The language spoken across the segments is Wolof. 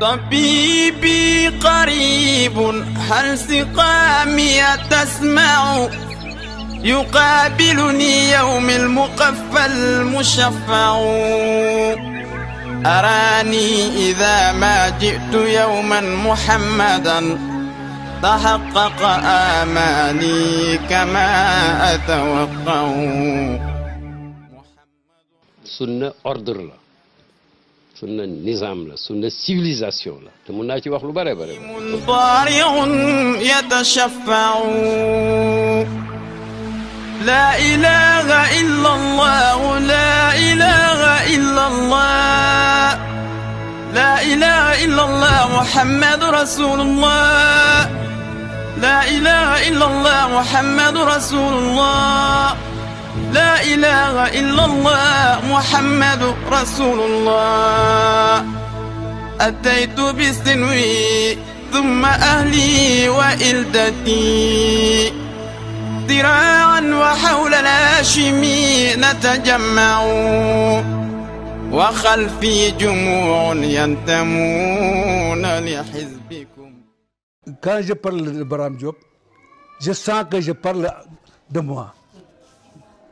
طبيبي قريب هل سقامي تسمع يقابلني يوم المقفى المشفع أراني إذا ما جئت يوما محمدا تحقق آماني كما أتوقع سنة أردر سنة nizaam لا سنة civilisation لا تمنى mun واخلو باري باري lu bare لا إله إلا الله لا إله إلا الله لا إله إلا الله محمد رسول الله لا إله إلا الله محمد رسول الله لا إله إلا الله محمد رسول الله أتيت بسنوي ثم أهلي وإلدتي ذراعا وحول الهاشمي نتجمع وخلفي جموع ينتمون لحزبكم كان جبر البرامجوب جسان كان جبر je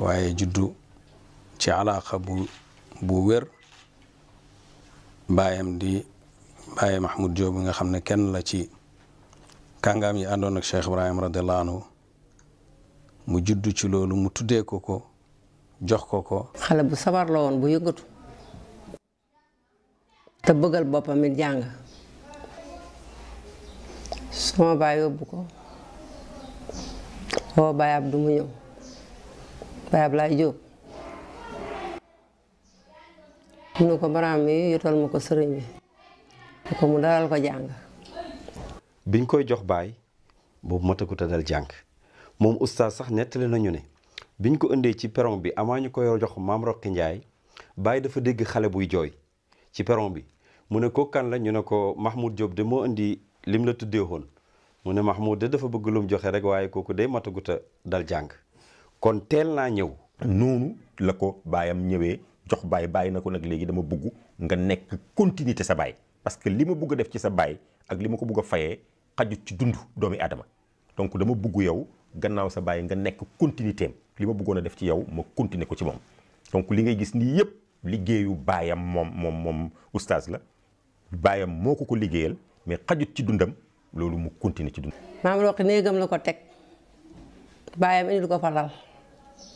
waaye juddu ci alaaqa bu bu wér baayam di Baye Mahmoud Diop bi nga xam ne kenn la ci kàngaam yi àndoon ak Cheikh Ibrahim radiallahu anhu mu juddu ci loolu mu tuddee ko ko jox ko ko. xale bu sabar la woon bu yëngatu. te bëggal boppam it jàng. sama baay yóbbu ko. oo baay Abdu mu ñëw. Baye Ablaye Diop mu ne ko baraam mi yotal ma ko sëriñ bi mu ko mu dalal ko jàng biñ koy jox baay boobu matagut a dal jàng moom oustaz sax nettali nañu ne biñ ko indee ci peron bi amaa ñu koy jox maam Roqi Njaay Baye dafa dégg xale buy jooy ci peron bi mu ne ko kan la ñu ne ko Mahmoud Diop de moo indi lim la tuddee woon mu ne Mahmoud de dafa bëgg joxe rek waaye kooku day matagut a dal jàng kon teel naa ñëw noonu la ko baayam ñëwee jox baay bàyyi na ko nag léegi dama bugg nga nekk continuité sa baay parce que li ma bugg a def ci sa baay ak li ma ko bugg a fayee xajut ci dund doomi aadama donc dama bugg yow gannaaw sa baay nga nekk continuité am li ma bëggoon a def ci yow ma continuer ko ci moom donc li ngay gis nii yëpp liggéeyu baayam moom moom moom oustaz la baayam moo ko ko liggéeyal mais xajut ci dundam loolu mu continuer ci dund maam ko teg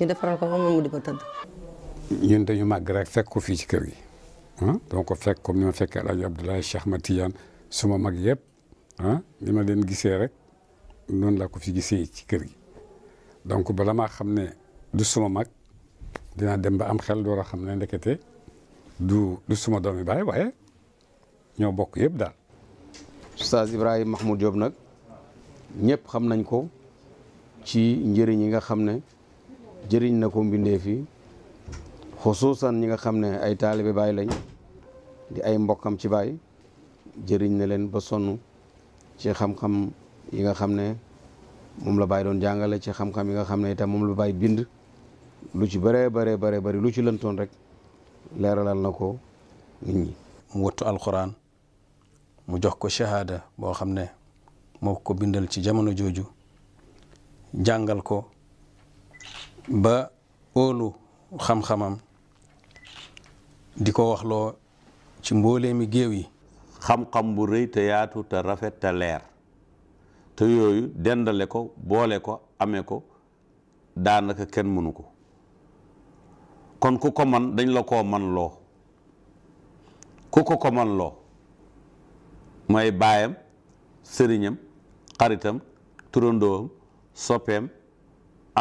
ñu defaral ko ba mu di ko tëdd. ñun dañu màgg rek fekk ko fii ci kër gi ah donc fekk comme ni ma fekkee El Hadj Abdoulaye ma Matiyan suma mag yëpp ah ni ma leen gisee rek noonu laa ko fi gisee ci kër gi donc bala ma xam ne du suma mag dina dem ba am xel door a xam ne ndekete du du suma doomi baay waaye ñoo bokk yëpp daal. Oustaz Ibrahima Mahmoud Diop nag ñëpp xam nañ ko ci njëriñ yi nga xam ne. jëriñ na ko mbindee yi xusuusan ñi nga xam ne ay taalibe baay lañ di ay mbokkam ci baay jëriñ na leen ba sonn ci xam-xam yi nga xam ne moom la baay doon jàngale ci xam yi nga xam ne itam moom la baay bind lu ci bëree bëree bëree bëri lu ci lëntoon rek leeralal na ko nit ñi mu wattu alquran mu jox ko shahada boo xam ne moo ko bindal ci jamono jooju jàngal ko ba óolu xam-xamam di ko waxloo ci mbooleemi géew yi xam-xam bu rëy te yaatu te rafet te leer te yooyu dendale ko boole ko ame ko daanaka kenn mënu ko kon ku ko man dañ la koo man loo ku ko ko man loo mooy baayam sëriñam xaritam turandoowam soppeem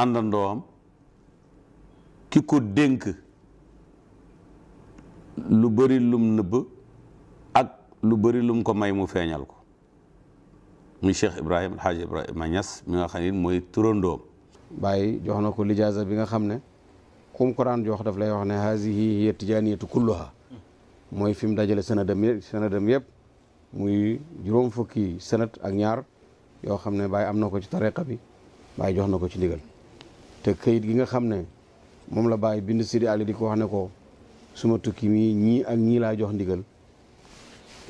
àndandoowam ki ko dénk lu bari lum nëbb ak lu bari lum ko may mu feeñal ko mu Cheikh Ibrahim Alhaaj Ibrahima Niass mi xam mooy turandoom bàyyi jox na ko lijaasa bi nga xam ne kum ko daan jox daf lay wax ne haasihi hiya tijaaniyatu kulluha mooy fi mu dajale sanadam sanadam yëpp muy juróom fukki sanat ak ñaar yoo xam ne bàyyi am na ko ci tariqa bi bàyyi jox na ko ci ndigal te këyit gi nga xam ne moom la bàyyi bind Sidi Ali di ko wax ne ko suma tukki mii ñii ak ñii laa jox ndigal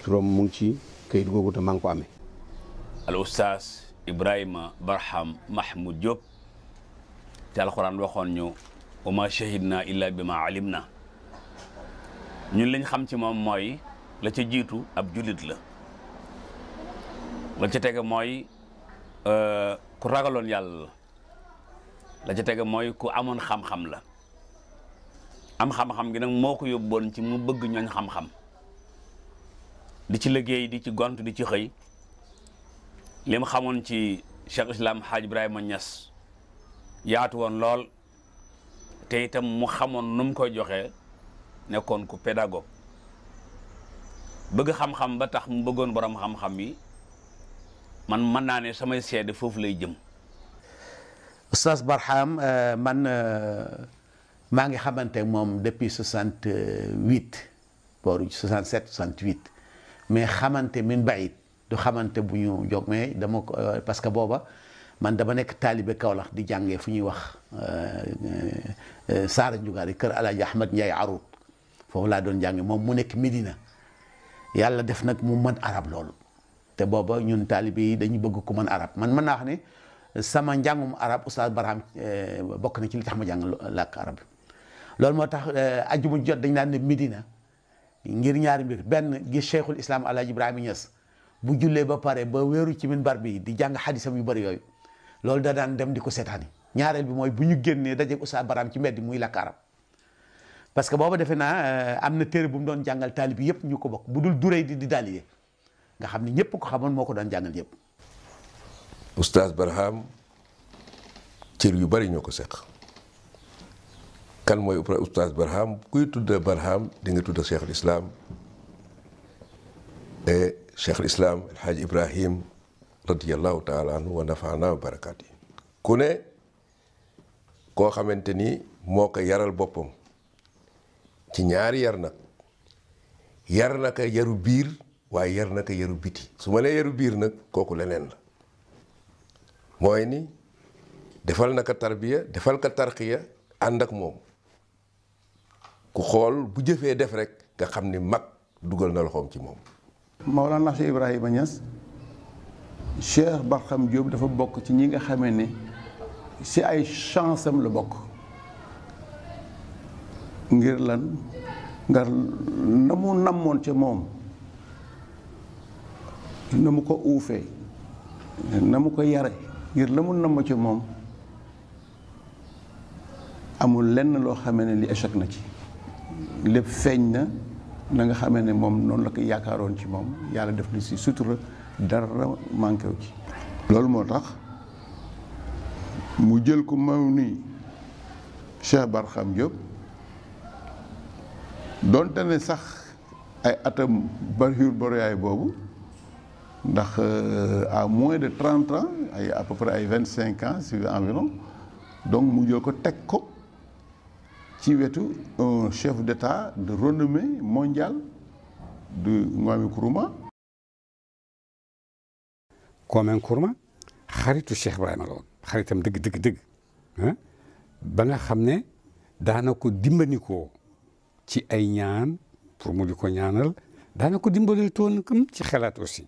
turam mu ci kayit googu te maa ngi ko amee. al oustaz Ibrahima Barham Mahmoud Diop te alxuraan waxoon ñu wa ma shahidna illa bi ma alim na ñu liñ xam ci moom mooy la ci jiitu ab julit la la ca tege mooy euh, ku ragaloon yàlla la ca tege mooy ku amoon xam-xam la am xam-xam gi nag moo ko yóbboon ci mu bëgg ñooñ xam-xam di ci liggéey di ci gont di ci xëy li mu xamoon ci Cheikh Islam Hadj Ibrahima Niass yaatu woon lool te itam mu xamoon nu mu koy joxee nekkoon ku pédagogue bëgg xam-xam ba tax mu bëggoon borom xam-xam yi man mën naa ne samay seede foofu lay jëm استاذ برحام من ماغي خامتي موم ديبي 68 بوري 67 68 مي خامتي من بعيد دو خامتي بو جوك مي داما باسكو بوبا من داما نيك طالب كولاخ دي جانغي فني واخ سار نجوغاري كير علي احمد نياي عروت فوف لا دون جانغي موم مو نيك مدينه يالا ديف نك مو من عرب لول تي بوبا نيون طالب يي داني بوغ كو من عرب من مناخني sama njàngum arab oustaz Barham eh, bokk na ci li tax ma jàng làkk arab loolu moo tax eh, ajjuma jot dañ naan ne Medina ngir ñaari mbir benn gi cheikhul islam alhaji Ibrahima Niass bu jullee ba pare ba wéeru ci bar bi di jàng xadisam yu bari yooyu loolu da daan dem di ko seetaani ñaareel bi mooy bu ñu génnee dajeeg oustaz Barham ci mbedd muy làkk arab parce que boobu defe naa eh, am na téere bu mu doon jàngal taalib yëpp ñu ko bokk bu dul durey di di daaliye nga xam ne ñëpp ko xamoon moo ko doon jàngal yëpp oustaz Barham cër yu bari ñoo ko seq kan mooy oustaz Barham kuy tudda Barham di nga tudda cheikhul islam e cheikhul islam El Hadj Ibrahim radiallahu taala wa nafaana wa ku ne koo xamante ni moo ko yaral boppam ci ñaari yar nag yar na ko yaru biir waaye yar na yaru biti su ma nee yaru biir nag kooku leneen la moy ni defal na ko tarbiya defal ka tarqiya andak mom ku xol bu jeffe def rek nga xamni mak duggal dugal na loxom ci mom maulana Cheikh Ibrahima Niass Cheikh Barham Diop dafa bok ci ñi nga xamé ni si ay chance am la bok ngir lan ngar namu namon ci mom namu ko uufee namu ko yare ngir la mu namm ci moom amul lenn loo xamee ni li échec na ci lépp feeñ na na nga xamee ne moom noonu la ko yaakaaroon ci moom yàlla def lu si sutura dara manqué wu ci. loolu moo tax mu jël ku maw nii Cheikh Barxam Diop donte ne sax ay atam bariwul boroyaay boobu. ndax a euh, moins de trente ans ay à peu ay vingt cinq ans si environ donc mu ko teg ko ci wetu un chef d'état de renommée mondiale du Kwame Nkrumah. Kwame Nkrumah xaritu Cheikh Ibrahima la woon xaritam dëgg dëgg ba nga xam ne daana ko dimbanikoo ci ay ñaan pour mu ko ñaanal daana ko dimbalitoon kam ci xalaat aussi.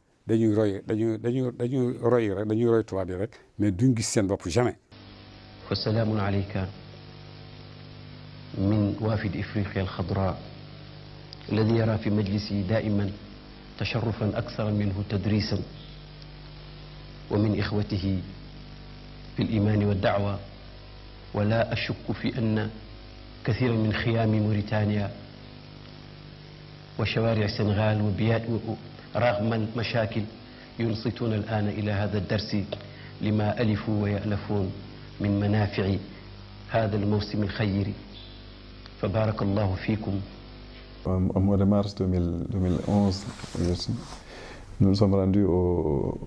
dañuy roy dañuy dañuy dañuy roy rek dañuy roy tubaab yi rek mais duñ gis seen bopp jamais wa salaamun alayka min waafid ifriqiya alxadra الذي يرى في مجلسه دائما تشرفا أكثر منه تدريسا ومن إخوته في الإيمان والدعوة ولا أشك في أن كثيرا من خيام موريتانيا وشوارع السنغال رغم مشاكل ينصتون الآن إلى هذا الدرس لما ألفوا ويألفون من منافع هذا الموسم الخير فبارك الله فيكم Au mois de mars 2011, nous nous sommes rendus au,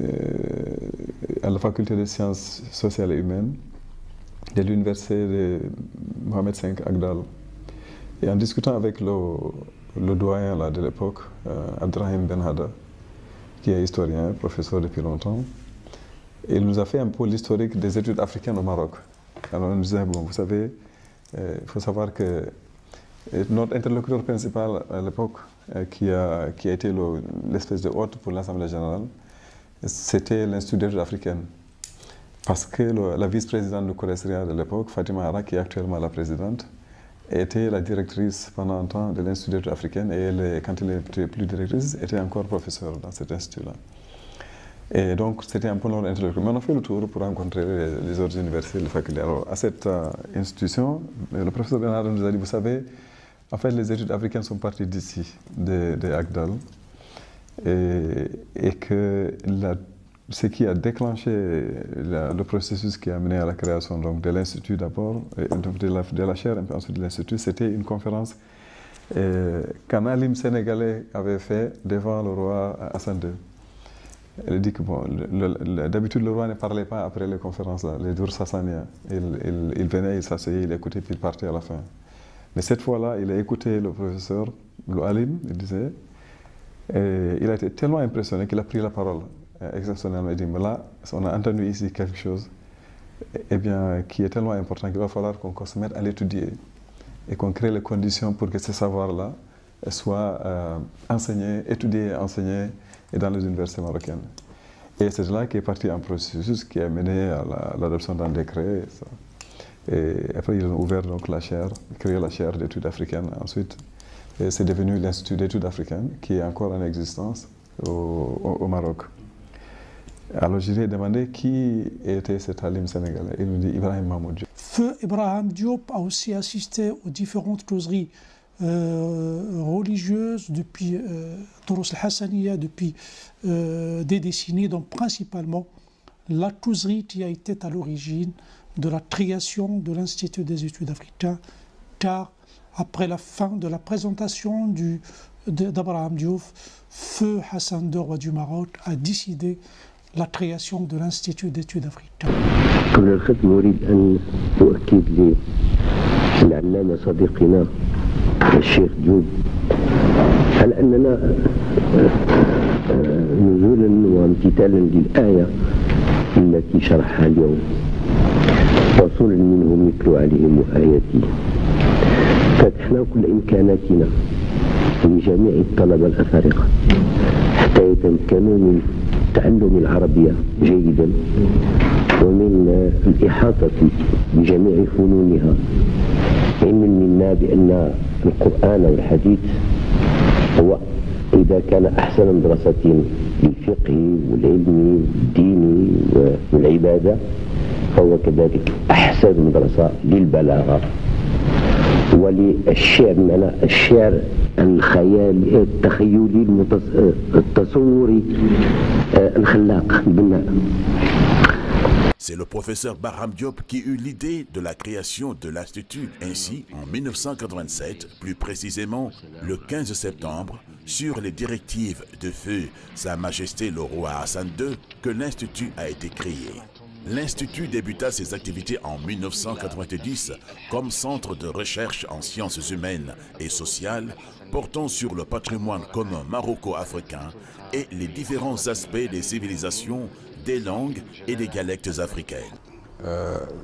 euh, à la faculté des sciences sociales et humaines de l'université de Mohamed V Agdal. Et en discutant avec le, le doyen de l'époque, euh, Abdrahim Benhada, qui est historien, professeur depuis longtemps. Il nous a fait un peu l'historique des études africaines au Maroc. Alors, il nous disait, bon, vous savez, euh, il faut savoir que euh, notre interlocuteur principal à l'époque, qui, a, qui a été l'espèce de hôte pour l'Assemblée générale, c'était l'Institut d'études africaines. Parce que la vice-présidente du Corée de l'époque, Fatima Ara, qui est actuellement la présidente, était la directrice pendant un temps de l'Institut d'études africaines et elle, quand elle n'était plus directrice, était encore professeure dans cet institut-là. Et donc, c'était un peu notre introduction. Mais on a fait le tour pour rencontrer les, autres universités, les facultés. Alors, à cette euh, institution, euh, le professeur Bernard nous a dit, vous savez, en fait, les études africaines sont parties d'ici, de Agdal, et, et que la ce qui a déclenché le processus qui a mené à la création donc, de l'Institut d'abord, de la, de chaire, et ensuite de l'Institut, c'était une conférence euh, qu'un alim sénégalais avait fait devant le roi Hassan II. Elle dit que d'habitude le roi ne parlait pas après les conférences, les durs sassaniens. Il, venait, il s'asseyait, il écoutait, puis il partait à la fin. Mais cette fois-là, il a écouté le professeur, le alim, il disait, et il a été tellement impressionné qu'il a pris la parole exceptionnellement euh, dit, mais là, on a entendu ici quelque chose et eh, eh bien, qui est tellement important qu'il va falloir qu'on se mette à l'étudier et qu'on crée les conditions pour que ce savoir là soit euh, enseigné, étudié, enseigné et dans les universités marocaines. Et c'est là qu'est parti un processus qui a mené à l'adoption d'un décret. Et, après, ils ont ouvert donc la chaire, créé la chaire d'études africaines. Ensuite, c'est devenu l'Institut d'études africaines qui est encore en existence au Maroc. Alors je qui était cet alim sénégalais. Il nous dit Ibrahim Mahmoud Feu Ibrahim Diop a aussi assisté aux différentes causeries euh, religieuses depuis euh, depuis euh, des décennies, donc principalement la causerie qui a été à l'origine de la création de l'Institut des études africains, car après la fin de la présentation d'Abraham Diop, Feu Hassan II, roi du Maroc, a décidé la création de l'Institut d'études africaines. قبل الختم أريد أن أؤكد للعلامة صديقنا الشيخ هل أننا نزولا وامتثالا للآية التي شرحها اليوم رسول منهم يتلو عليهم آياتي فتحنا كل إمكاناتنا لجميع الطلبة الأفارقة حتى يتمكنوا من تعلم العربية جيدا ومن الإحاطة بجميع فنونها علم منا بأن القرآن والحديث هو إذا كان أحسن مدرسة للفقه والعلم والدين والعبادة فهو كذلك أحسن مدرسة للبلاغة Eh, eh, eh, C'est le professeur Barham Diop qui eut l'idée de la création de l'Institut ainsi en 1987, plus précisément le 15 septembre, sur les directives de feu Sa Majesté le Roi Hassan II, que l'Institut a été créé l'Institut débuta ses activités en 1990 comme centre de recherche en sciences humaines et sociales portant sur le patrimoine commun maroco-africain et les différents aspects des civilisations, des langues et des dialectes africaines.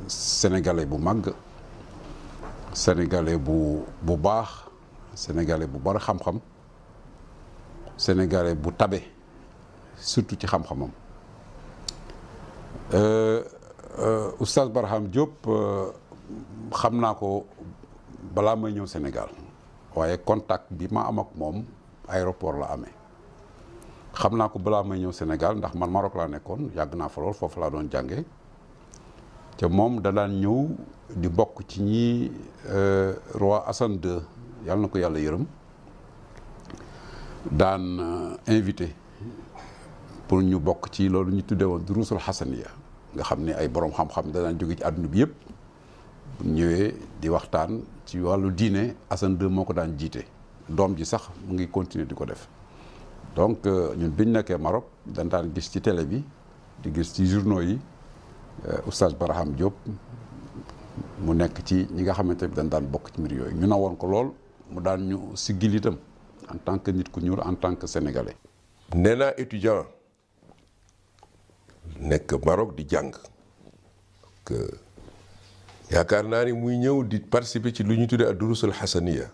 sénégalais euh, sénégalais bu sénégalais sénégalais surtout Euh, euh, oustaz Barham Diop euh, xamna ko bala may ñew Sénégal waye contact bi ma am ak mom aéroport la amé xamna ko bala may ñew Sénégal ndax man Maroc la nekkon yag nyu fa lol fofu la doon jangé té mom da lan ñew di bok ci ñi roi Hassan II yalla nako yalla yàlla dan invité pour ñu bok ci lolou ñu tuddé won drusul nga xam ne ay boroom xam-xam danaan jóge ci àdduna bi yëpp bu ñëwee di waxtaan ci wàllu diine Assane moo ko daan jiite doom ji sax mu ngi continuer di ko def donc euh, ñun biñ nekkee Maroc dañ daan gis ci télé bi di gis ci journaux yi euh, oustaz Barham Diop mu nekk ci ñi nga xamante ne dañ daan bokk ci mbir yooyu ñu woon ko lool mu daan ñu siggil itam en tant que nit ku ñuul en tant que sénégalais. nee naa nekk Maroc di jàng yaakaar naa ni muy ñëw di participer ci lu ñu tuddee ak durusul xasaniya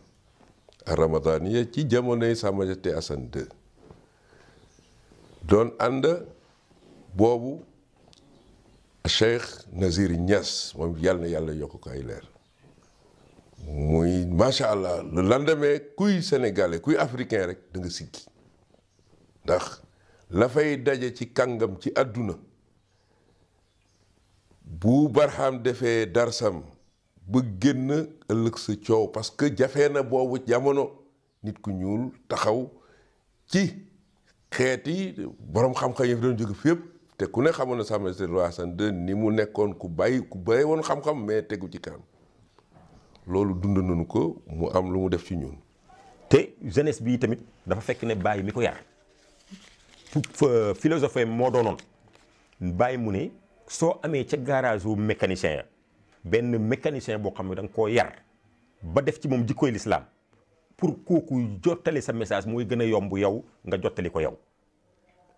ak ramadaniya ci jamonoy Sa Majesté Hassan II doon ànd boobu Cheikh Nazir ñas moom yàlla na yàlla yokk ko ay leer muy macha allah le lendemain kuy sénégalais kuy africain rek da nga ndax la fay daje ci kàngam ci àdduna bu barxam defee darsam ba génn ëllëg sa coow parce que jafe na boobu jamono nit ku ñuul taxaw ci xeeti boroom xam-xam yi fi doon jóge fépp te ku ne xamoon na Sam Roi Hassan II ni mu nekkoon ku bàyyi ku bàyyi woon xam-xam mais tegu ci kanam loolu dund nañu ko mu am lu mu def ci ñuul te jeunesse bii tamit dafa fekk ne bàyyi mi ko yar. Euh, philosophe moo doonoon bàyyi mu ne soo amee ca garage wu mécanicien ya benn mécanicien boo xam ne da nga koo yar ba def ci moom jikkoy lislaam pour kooku jotali sa message mooy gën a yomb yow nga jottali ko yow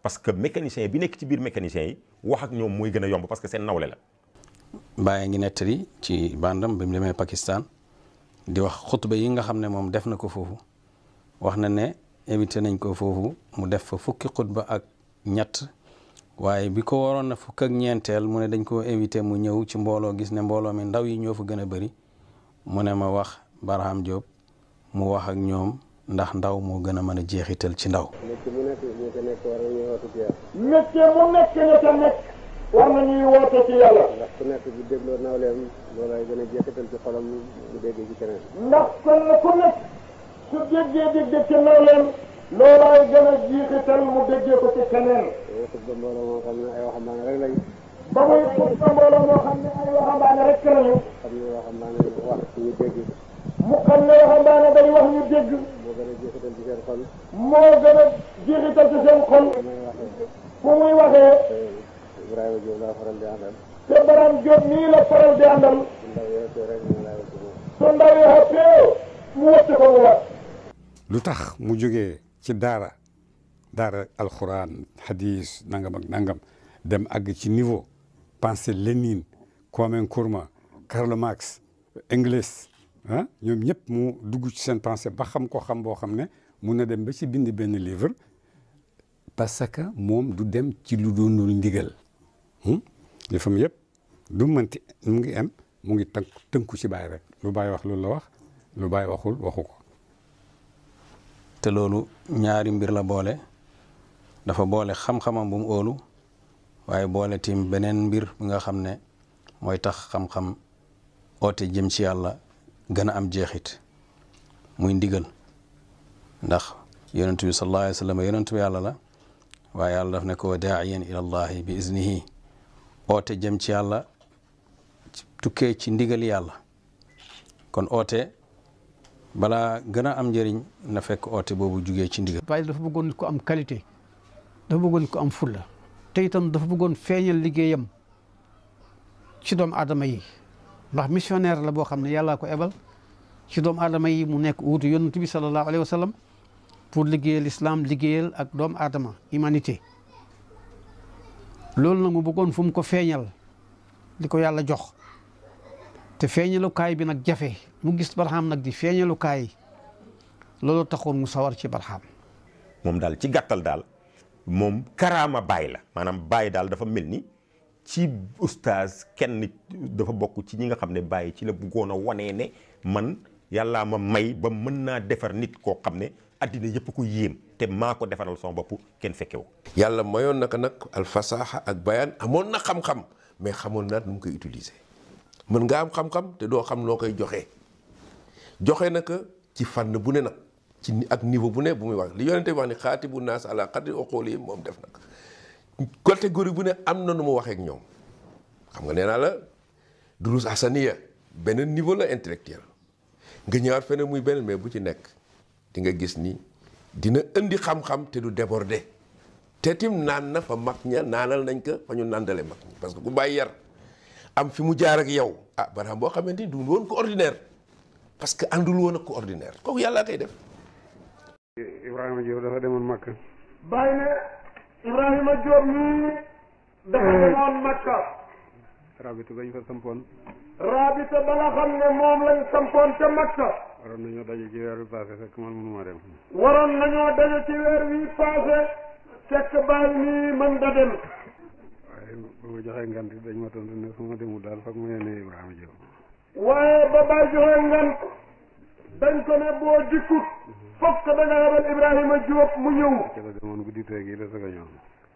parce que mécanicien bi nekk ci biir mécanicien yi wax ak ñoom mooy gën a yomb parce que seen nawlé la bàyyi ngi nettali ci bandam bimu démé demee Pakistan di wax khutba yi nga xam ne moom def na ko foofu wax na ne invité nañ ko foofu mu def fa fukki xutba ak ñett waaye bi ko waroon na fukk ak ñeenteel mu ne dañ koo invité mu ñëw ci mbooloo gis ne mbooloo mi ndaw yi ñoo fa gën a bari mu ne ma wax baraam Diop mu wax ak ñoom ndax ndaw moo gën a mën a jeexital ci ndaw. métier mu nekk ña nekk war nañuy woote ci yàlla. ndax ku nekk bu dégloo nawleem loolay gën a jeexital ci xolam mu dégg ci keneen. ndax kon nekk. su déggee dégg ca nawleen loolaay gën a jiixital mu déggee ko ci keneen. ba muy mbooloo moo xam ne ay waxambaane a lañu. ba muy mbooloo moo xam a ay waxambaane rek lañu. xam ne waxambaane wax a dégg. mu xam ne waxambaane day wax ñu dégg. moo gën a jiixital ci seen xol. moo gën a jiixital ci seen xol. fu muy waxee. Ibrahima Diop laa faral di faral di àndal. su ndaw yi xëppee mu wëtt ko mu wax. lu tax mu jógee ci daara daara alxuraan hadis nangam ak nangam dem àgg ci niveau pensée Lénine Kwame Nkrumah Karl Marx Engels ah, ñoom ñëpp mu dugg ci seen pensée ba xam ko xam boo xam ne mun na dem ba ci bind benn livre parce que moom du dem ci lu doonul ndigal hmm? fam yëpp du mënti mu ngi am mu ngi tënku ci bàyyi rek lu bàyyi wax loolu la wax lu bàyyi waxul waxu ko te loolu ñaari mbir la boole dafa boole xam-xamam bu mu óolu waaye boole tim beneen mbir bi nga xam ne mooy tax xam-xam oote jëm ci yàlla gën a am jeexit muy ndigal ndax yonent bi sallallahu alayhi wa sallam yonent yàlla la waaye yàlla daf ne ko daa'iyan ila allahi bi iznihi oote jëm ci yàlla tukkee ci ndigal yàlla kon oote balaa gën a am njëriñ na fekk oote boobu jugee ci ndigal. Baye dafa bëggoon ko am qualité dafa bëggoon ko am fulla te itam dafa bëggoon feeñal liggéeyam ci doomu adama yi ndax missionnaire la boo xam ne yàllaa ko ebal ci doomu aadama yi mu nekk wuutu yonent bi sallallahu alayhi wa sallam pour liggéeyal islam liggéeyal ak doomu aadama humanité loolu nag mu bëggoon fu mu ko feeñal li ko yàlla jox. te feeñalukaay bi nag jafe mu gis barxaam nag di feeñalukaay loolu taxoon mu sawar ci barxaam. moom daal ci gàttal daal moom karaama bàyyi la maanaam bàyyi daal dafa mel ni ci ustaas kenn dafa bokk ci ñi nga xam ne bàyyi ci la bëggoon a wanee ne man yàllaa ma may ba mën naa defar nit koo xam ne addina yëpp ko yéem te maa ko defaral sama boppu kenn fekke yàlla mayoon naka nag alfasaaxa ak bayaan amoon na xam-xam mais xamoon naa nu mu koy utiliser. mën nga am xam-xam te doo xam noo koy joxe joxe na ko ci fànn bu ne nag ci ni ak niveau bu ne bu muy wax li yonente bi wax ni xaatibu naas ala qadri uqulihim moom def na nag gori bu ne am na nu mu waxeek ñoom xam nga nee naa la durus asaniya beneen niveau la intellectuel nga ñëwaat feneen muy beneen mais bu ci nekk di nga gis ni dina indi xam-xam te du déborder te tim naan na fa mag ña naanal nañ ko fa ñu nàndale mag ñi parce que ku bàyyi yar am fi mu jaar ak yow ah baram bo xamanteni du won ko ordinaire parce que andul won ko ordinaire ko yalla kay def. Ibrahima Diop dafa demone Makka. bàyyi Ibrahima Diop mii dafa eh. demone Makka. rabita bañ fa sampoon. rabita bala xamne mom lañ sampoon ca Makka. waron nañu dajé ci weer wi passé fekk man mënuma dem. waron nañu dajé ci weer wi passé fekk bàyyi man da dem. waaye ba dañ ma tontu ne su ma demul daal foog ma yónnee Ibrahima Diop. waaye ba baay joxee ngant dañ ko ne dikkut fokk da nga yabal Ibrahima Diop mu ñëw. ca guddi tey gii la soog a ñëw.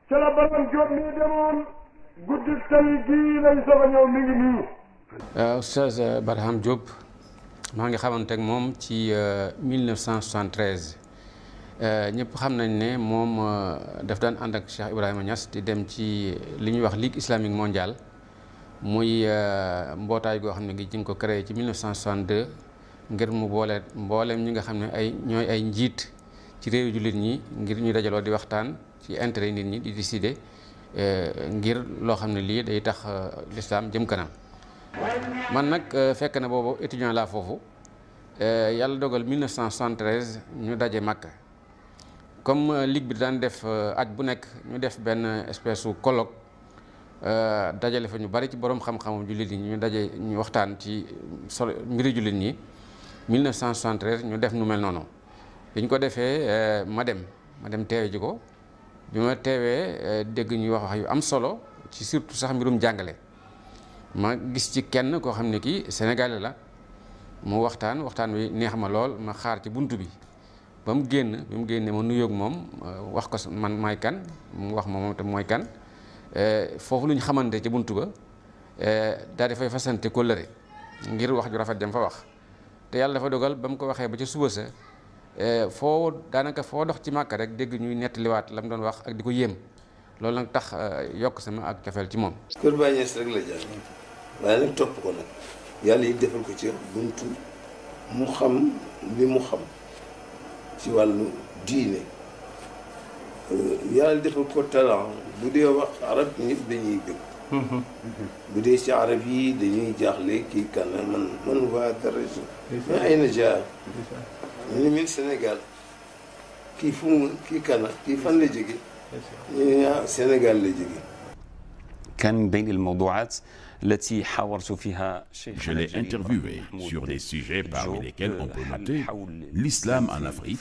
ca la borom Diop mi demoon guddi tey ngi nii. Euh, Oustaz euh, Barham Diop maa ngi xamante ak moom ci euh, Euh, ñëpp xam nañ ne moom euh, def daan ànd ak Cheikh Ibrahima Niass di dem ci li ñuy wax Ligue islamique mondiale muy euh, mbootaay goo xam ne ngi ñu ko créé ci 1962 ngir mu boole mbooleem ñi nga xam ne ay ñooy ay njiit ci réew jullit ñi ngir ñuy dajaloo di waxtaan ci intérêt nit ñi di décider ngir loo xam ne lii day tax l'islam jëm kanam man nag fekk na boobu étudiant laa foofu yàlla dogal 1973 ñu daje màkka comme euh, ligue bi daan def euh, at bu nekk ñu def benn espèce su colloque euh, dajale fa ñu bari ci borom xam-xamam jullit yi ñu daje ñu waxtaan ci solo mbiri jullit ñi 1973 ñu def nu mel noonu bi ko defee ma dem ma dem teewe ji ko bi ma teewee dégg ñuy wax wax yu am solo ci surtout sax mbirum jàngale ma gis ci kenn koo xam ne kii sénégalais la mu waxtaan waxtaan wi neex ma lool ma xaar ci bunt bi ba mu génn bi mu génnee ma nuyoog moom euh, wax ko man maay kan mu wax ma moom tam mooy kan euh, foofu lu ñu xamante ci buntu ba euh, daal di fay fasante kóllëre ngir wax ju rafet jam fa wax te yàlla dafa dogal ba mu ko waxee ba ca suba sa foo daanaka foo dox ci màkk rek dégg ñuy nettaliwaat la mu doon wax ak di ko yéem loolu nag tax yokk sama ak cofeel ci moom. kër Baay rek la jàng waaye nag topp ko nag yàlla yi defal ko ci buntu mu xam li mu xam. ci wàllu diine yàlla defal ko talent bu dee wax arab ñëpp dañuy bëgg bu dee ci arab yi dañuy jaaxle kii kan man man waa dara man ay na jaar ñu ne min Sénégal kii fu mu kii kana kii fan la jóge ñu ne Sénégal la jóge كان من بين الموضوعات Je l'ai interviewé sur des sujets parmi lesquels on peut noter l'islam en Afrique,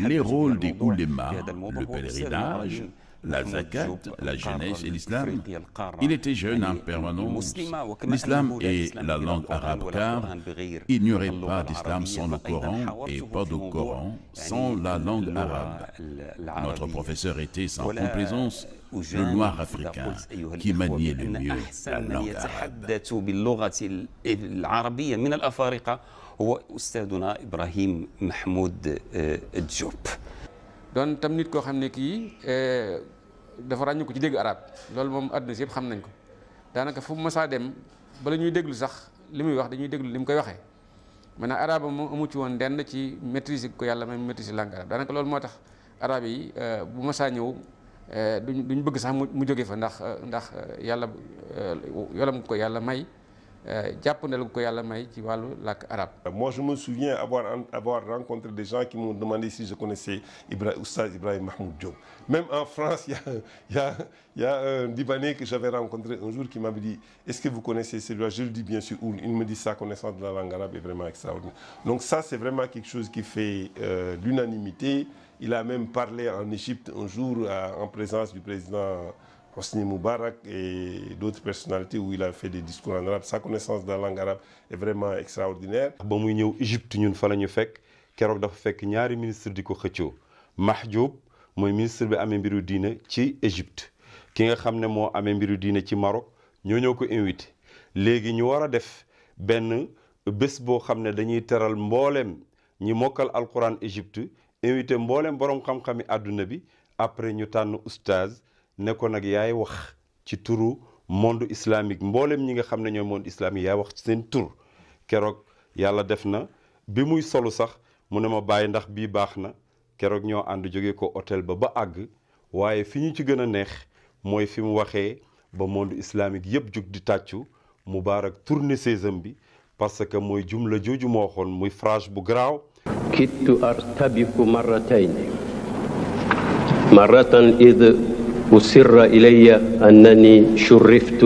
les rôles des oulémas, le pèlerinage, la zakat, la jeunesse et l'islam. Il était jeune en permanence. L'islam et la langue arabe car il n'y aurait pas d'islam sans le Coran et pas de Coran sans la langue arabe. Notre professeur était sans complaisance le noir africain qui maniait le mieux la langue arabe. doon tam nit koo xam ne kii dafa ràññu ko ci dégg arab loolu moom àdduna si yëpp xam nañ ko daanaka fu mu masaa dem bala ñuy déglu sax li muy wax dañuy déglu li mu koy waxee maanaam arabe moom amu ci woon dend ci maîtrise ko yàlla may maîtrise langue arabe daanaka loolu moo tax arabe yi bu masaa ñëw Euh, duñ duñ bëgg sax mu mu jóge fa ndax euh, ndax euh, yàlla yolam ko yàlla may Moi, je me souviens avoir, avoir rencontré des gens qui m'ont demandé si je connaissais Ibra, Ibrahim Mahmoud Diop. Même en France, il y a, y, un Libanais que j'avais rencontré un jour qui m'avait dit Est-ce que vous connaissez celui-là Je lui dis bien sûr. Il me dit Sa connaissance de la langue arabe est vraiment extraordinaire. Donc, ça, c'est vraiment quelque chose qui fait euh, l'unanimité. Il a même parlé en Égypte un jour en présence du président. Hosni Moubarak et d'autres personnalités où il a fait des discours en arabe. Sa connaissance de la langue arabe est vraiment extraordinaire. ba muy ñëw Égypte ñun fa la ñu fekk keroog dafa fekk ñaari ministre di ko xëccoo Mah Diop mooy ministre bi amee mbiru diine ci Égypte ki nga xam ne moo amee mbiru qui ci Maroc ñoo ñoo ko invité léegi ñu war a def benn bés boo xam ne dañuy teral mbooleem ñi mokkal alquran Égypte invité ils borom xam-xami àdduna bi après ñu tànn oustaz ne ko nag yaay wax ci turu monde islamique mboolem ñi nga xam ne ñooy monde islamique yaay wax ci seen tur keroog yàlla def na bi muy solu sax mu ne ma bàyyi ndax bii baax na keroog ñoo ànd jóge ko hôtel ba ba àgg waaye fi ñu ci gën a neex mooy fi mu waxee ba monde islamique yëpp jug di tàccu Moubarak tourné sésame bi parce que mooy jumla jooju moo waxoon muy phrase bu garaaw kittu artabiku marratayn marratan id أسر إلي أنني شرفت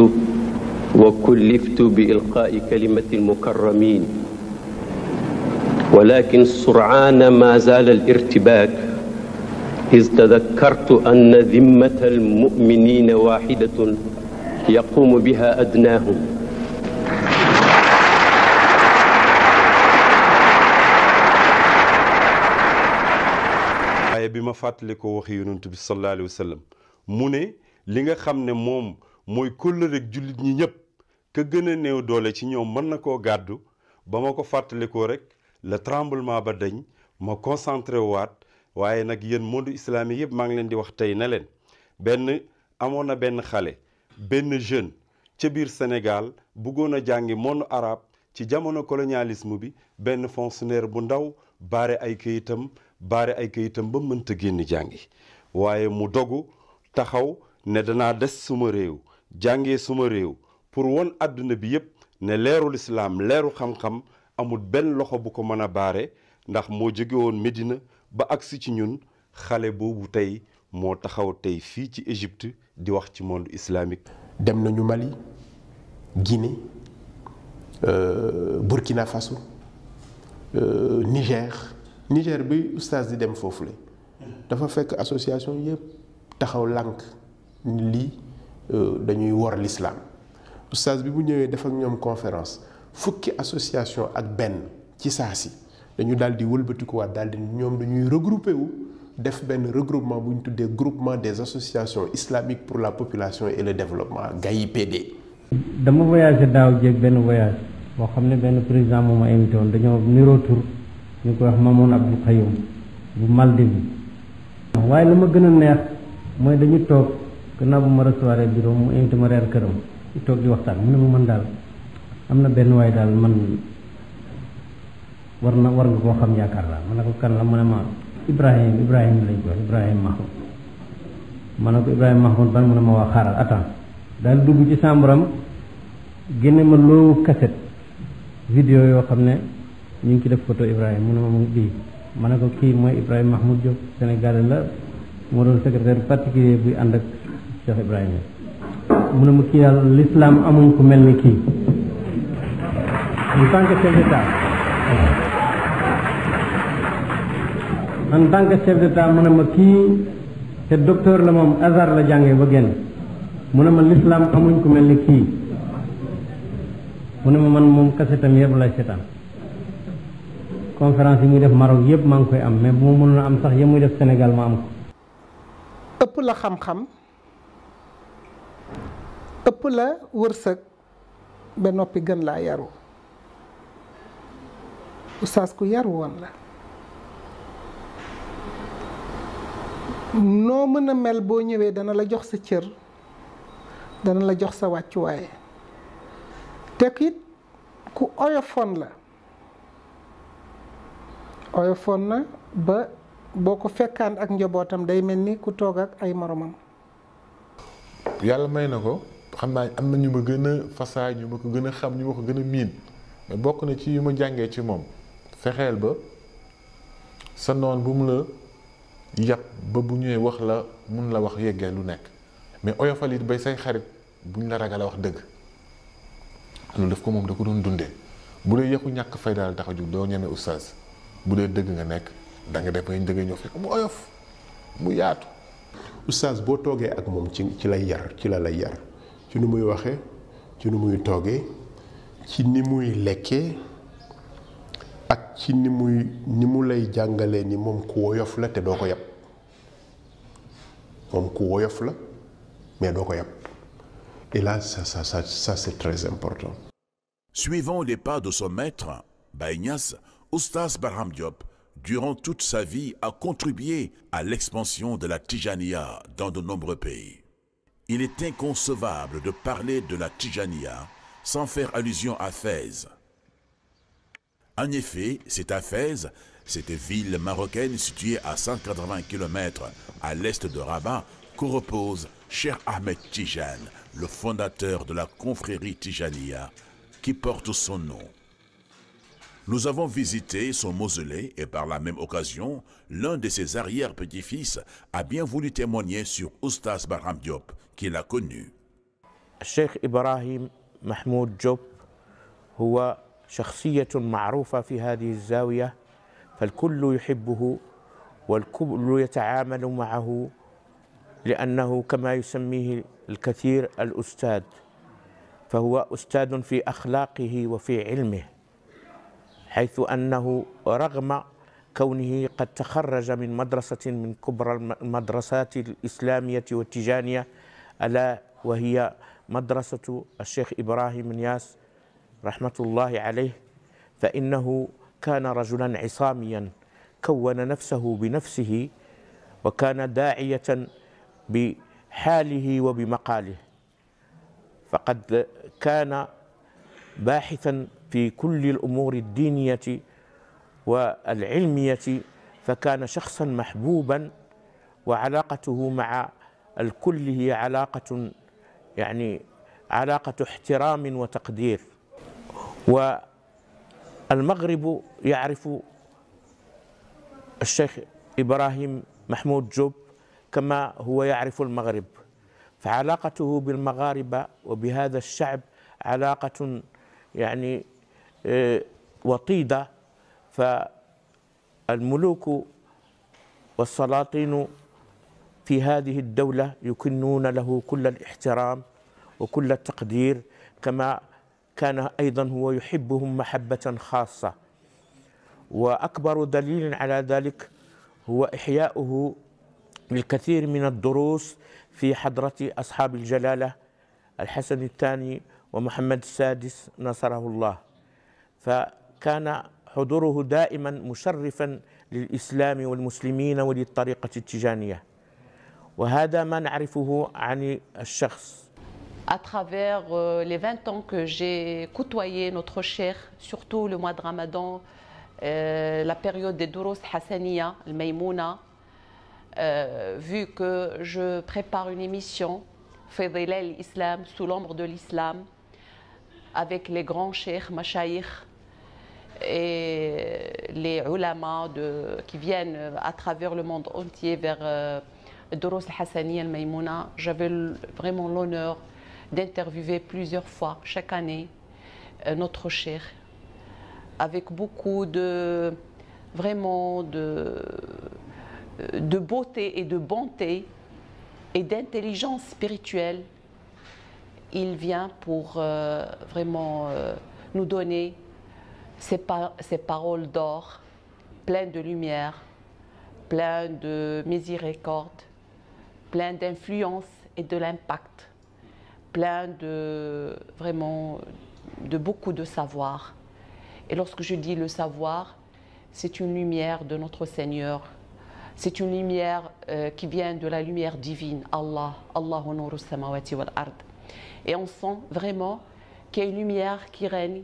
وكلفت بإلقاء كلمة المكرمين ولكن سرعان ما زال الارتباك إذ تذكرت أن ذمة المؤمنين واحدة يقوم بها أدناهم آية بما فات ma وخي ko waxi yonent bi sallallahu وسلم mu ne li nga xam ne moom mooy kóllëreeg jullit ñi ñëpp ka gën a néew doole ci ñoom mën na koo gàddu ba ma ko ko rek la tremblement ba dañ ma concentré waat waaye nag yéen monde islamique yëpp maa ngi leen di wax tey ne leen benn amoon na benn xale benn jeune ca biir Sénégal bëggoon a jàngi monde araab ci jamono colonialisme bi benn fonctionnaire bu ndaw baare ay kayitam baare ay kayitam ba mënta génn jàngi waaye mu dogu taxaw ne danaa des suma réew jàngee suma réew pour won àdduna bi yépp ne leerul lislaam leeru xam-xam amul benn loxo bu ko mën a baare ndax moo jóge woon Medina ba agsi ci ñun xale boobu tey moo taxaw tey fii ci Égypte di wax ci monde islamique dem nañu Mali Guinée euh, Burkina Faso euh, Niger Niger bi oustaz di dem foofu la dafa fekk association yépp taxaw lank ni lii euh, dañuy wor l'islam oustaz bi bu ñëwé def ak ñom conférence fukki association ak ben ci saa dañu daldi di wa daldi ñom dañuy regrouper wu def ben regroupement buñ tuddé tuddee groupement des associations islamiques pour la population et le développement GAIPD. dama voyager daw jéeg ben voyage boo xamné ben président moma ma invité woon dañoo niroo tur ñu wax Mamoun Abdou Qayoum bu Maldives waaye lama gëna neex mooy dañu toog gannaaw bu ma recevoir bureau mu invité ma reer këram ñu toog di waxtaan mu na ma man daal am na benn waay daal man war na war nga koo xam yaakaar laa ma ne ko kan la mu ne ma Ibrahim Ibrahim lañ ko Ibrahim Mahmoud ma ne ko Ibrahim Mahmoud ban mu ma waa xaaral attends daal dugg ci sàmbaram génne ma loowu cassette vidéo yoo xam ne ñu ngi ci def photo Ibrahim mu na ma bii ma ne ko kii mooy Ibrahim Mahmoud Diop Sénégalais la modon secrétaire particulier buy and ak cheikh ibrahima mu ne ma kii daal l'islam amul ku mel ni kii en tant que chef d'état en tant que chef d'état mu ne ma kii te docteur la moom azar la jàngee ba génn mu ne ma l'islam amuñ ku mel ni kii mu ne ma man moom kasetam yëpp la seetaan conférence yi muy def Maroc yëpp maa ngi koy am mais bu ma mënoon am sax ya muy def Sénégal ma am ko ëpp la xam-xam ëpp la wërsëg ba noppi gën laa yaru oustaz ku yaru woon la noo mën a mel boo ñëwee dana la jox sa cër dana la jox sa wàccuwaay tek it ku oyofoon la oyofoon na ba boo ko fekkaan ak njabootam day mel ni ku toog ak ay moromam. yàlla may na ko xam naa am na ñu ma gën a fasaay ñu ma ko gën a xam ñu ma ko gën a miin mais bokk na ci yu ma jàngee ci moom fexeel ba sa noon bu mu la yàpp ba bu ñëwee wax la mun la wax yeggee lu nekk mais oyofal it bay say xarit buñ la ragal a wax dëgg loolu def ko moom da ko doon dundee bu dee yàqu ñàkk fay daal tax a jug doo ñeme oustaz bu dee dëgg nga nekk. da nga def nga jóge ñëw fekk mu oyof mu yaatu. oustaz boo toogee ak mom ci ci lay yar ci la lay yar ci nu muy waxee ci nu muy toogee ci ni muy lekkee ak ci ni muy ni mu lay jàngalee ni mom ku woyof la te doo ko yab moom ku woyof la mais doo ko yab et là ça ça ça ça c'est très important. Suivant les pas de son maître Baignas Niass, Oustaz Barham Diop durant toute sa vie, a contribué à l'expansion de la Tijania dans de nombreux pays. Il est inconcevable de parler de la Tijania sans faire allusion à Fès. En effet, c'est à Fès, cette ville marocaine située à 180 km à l'est de Rabat, que repose Cher Ahmed Tijan, le fondateur de la confrérie Tijania, qui porte son nom. Nous avons visité son mausolée et par la même occasion, l'un de ses arrière-petits-fils a bien voulu témoigner sur Oustas Baram Diop, qu'il a connu. Cheikh Ibrahim Mahmoud Diop هو شخصية معروفة في هذه il فالكل يحبه والكل يتعامل معه لأنه كما يسميه الكثير الأستاذ فهو أستاذ في et وفي علمه حيث أنه رغم كونه قد تخرج من مدرسة من كبرى المدرسات الإسلامية والتجانية ألا وهي مدرسة الشيخ إبراهيم نياس رحمة الله عليه فإنه كان رجلا عصاميا كون نفسه بنفسه وكان داعية بحاله وبمقاله فقد كان باحثا في كل الأمور الدينية والعلمية فكان شخصا محبوبا وعلاقته مع الكل هي علاقة يعني علاقة احترام وتقدير والمغرب يعرف الشيخ إبراهيم محمود جوب كما هو يعرف المغرب فعلاقته بالمغاربة وبهذا الشعب علاقة يعني آه، وطيدة فالملوك والسلاطين في هذه الدولة يكنون له كل الاحترام وكل التقدير كما كان أيضا هو يحبهم محبة خاصة وأكبر دليل على ذلك هو إحياؤه للكثير من الدروس في حضرة أصحاب الجلالة الحسن الثاني ومحمد السادس نصره الله فكان حضوره دائما مشرفا للإسلام والمسلمين وللطريقة التجانية وهذا ما نعرفه عن الشخص à travers les 20 ans que j'ai côtoyé notre cher, surtout le mois de Ramadan, euh, la période des Douros Hassaniya, le Maïmouna, euh, vu que je prépare une émission, Fedele l'Islam, sous l'ombre de l'Islam, avec les grands chers, machaïrs, et les ulama qui viennent à travers le monde entier vers euh, Doros Hassani El Maimouna. J'avais vraiment l'honneur d'interviewer plusieurs fois chaque année euh, notre cher avec beaucoup de vraiment de, beauté et de bonté et d'intelligence spirituelle. Il vient pour euh, vraiment nous donner ces, paroles d'or, pleines de lumière, pleines de miséricorde, pleines d'influence et de l'impact, pleines de vraiment de beaucoup de savoir. Et lorsque je dis le savoir, c'est une lumière de notre Seigneur. C'est une lumière euh, qui vient de la lumière divine, Allah, Allah samawati wal ard. Et on sent vraiment qu'il y a une lumière qui règne,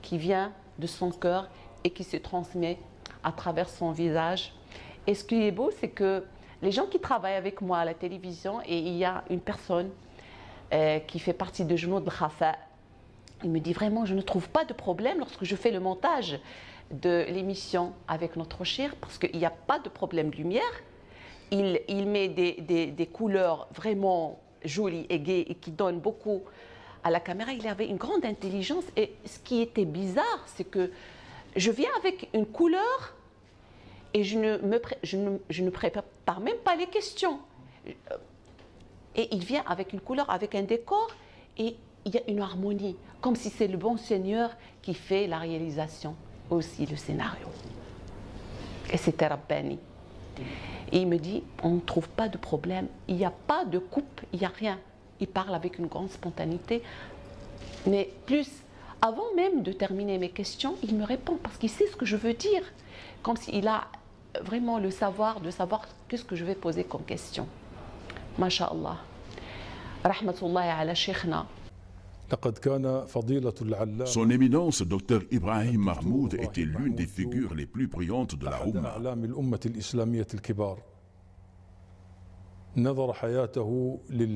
qui vient de son cœur et qui se transmet à travers son visage. Et ce qui est beau, c'est que les gens qui travaillent avec moi à la télévision, et il y a une personne euh, qui fait partie de genoux de Rafa, il me dit vraiment, je ne trouve pas de problème lorsque je fais le montage de l'émission avec notre chère, parce qu'il n'y a pas de problème de lumière. Il, met des, des, couleurs vraiment jolies et gaies et qui donnent beaucoup à la caméra, il avait une grande intelligence. Et ce qui était bizarre, c'est que je viens avec une couleur et je ne, me je, ne... je ne prépare même pas les questions. Et il vient avec une couleur, avec un décor, et il y a une harmonie, comme si c'est le bon Seigneur qui fait la réalisation, aussi le scénario. Et c'était Rabbani. Et il me dit, on ne trouve pas de problème, il n'y a pas de coupe, il n'y a rien il parle avec une grande spontanéité. Mais plus, avant même de terminer mes questions, il me répond parce qu'il sait ce que je veux dire, comme s'il a vraiment le savoir de savoir qu'est-ce que je vais poser comme question. Masha'Allah. Rahmatullahi ala Sheikhna. Son éminence, docteur Ibrahim Mahmoud, était l'une des figures les plus brillantes de la Ummah. Il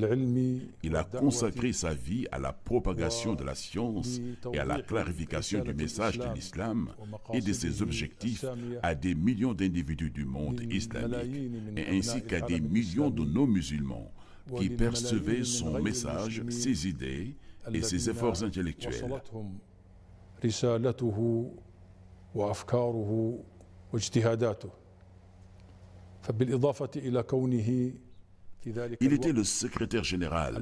a consacré sa vie à la propagation de la science et à la clarification du message de l'islam et de ses objectifs à des millions d'individus du monde islamique et ainsi qu'à des millions de nos musulmans qui percevaient son message, ses idées et ses efforts intellectuels. Il était le secrétaire général